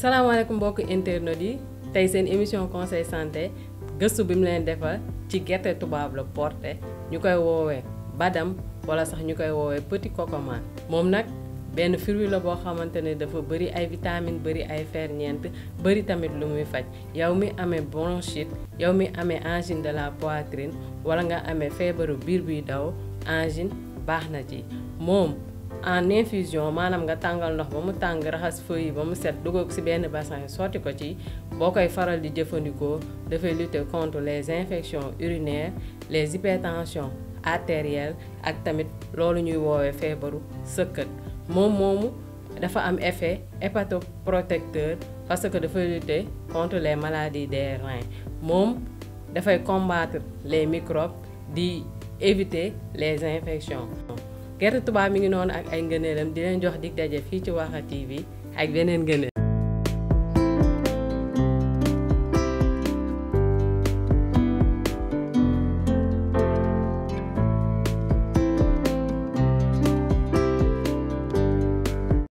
salaamaaleykum mbokk internautes yi seen émission conseil santé gëstu bi mu ci gerte badam wala petit cocoman moom nag benn fruit la boo xamante dafa bëri vitamine bëri ay fer bëri tamit lu muy faj yow bronchite de la poitrine wala nga biir en infusion maanaam nga tàngal ndox ba set bassin ko ci faral di lutter contre les infections urinaires les hypertensions artérielles ak tamit loolu ñuy woowee feebaru effet hépatoprotecteur parce que dafay lutter contre les maladies des reins moom dafay combattre les microbes di éviter les infections gerte tubaab mi ngi noonu ak ay ngëneelam di leen jox dig daje fii ci Warkha TV ak beneen ngëneel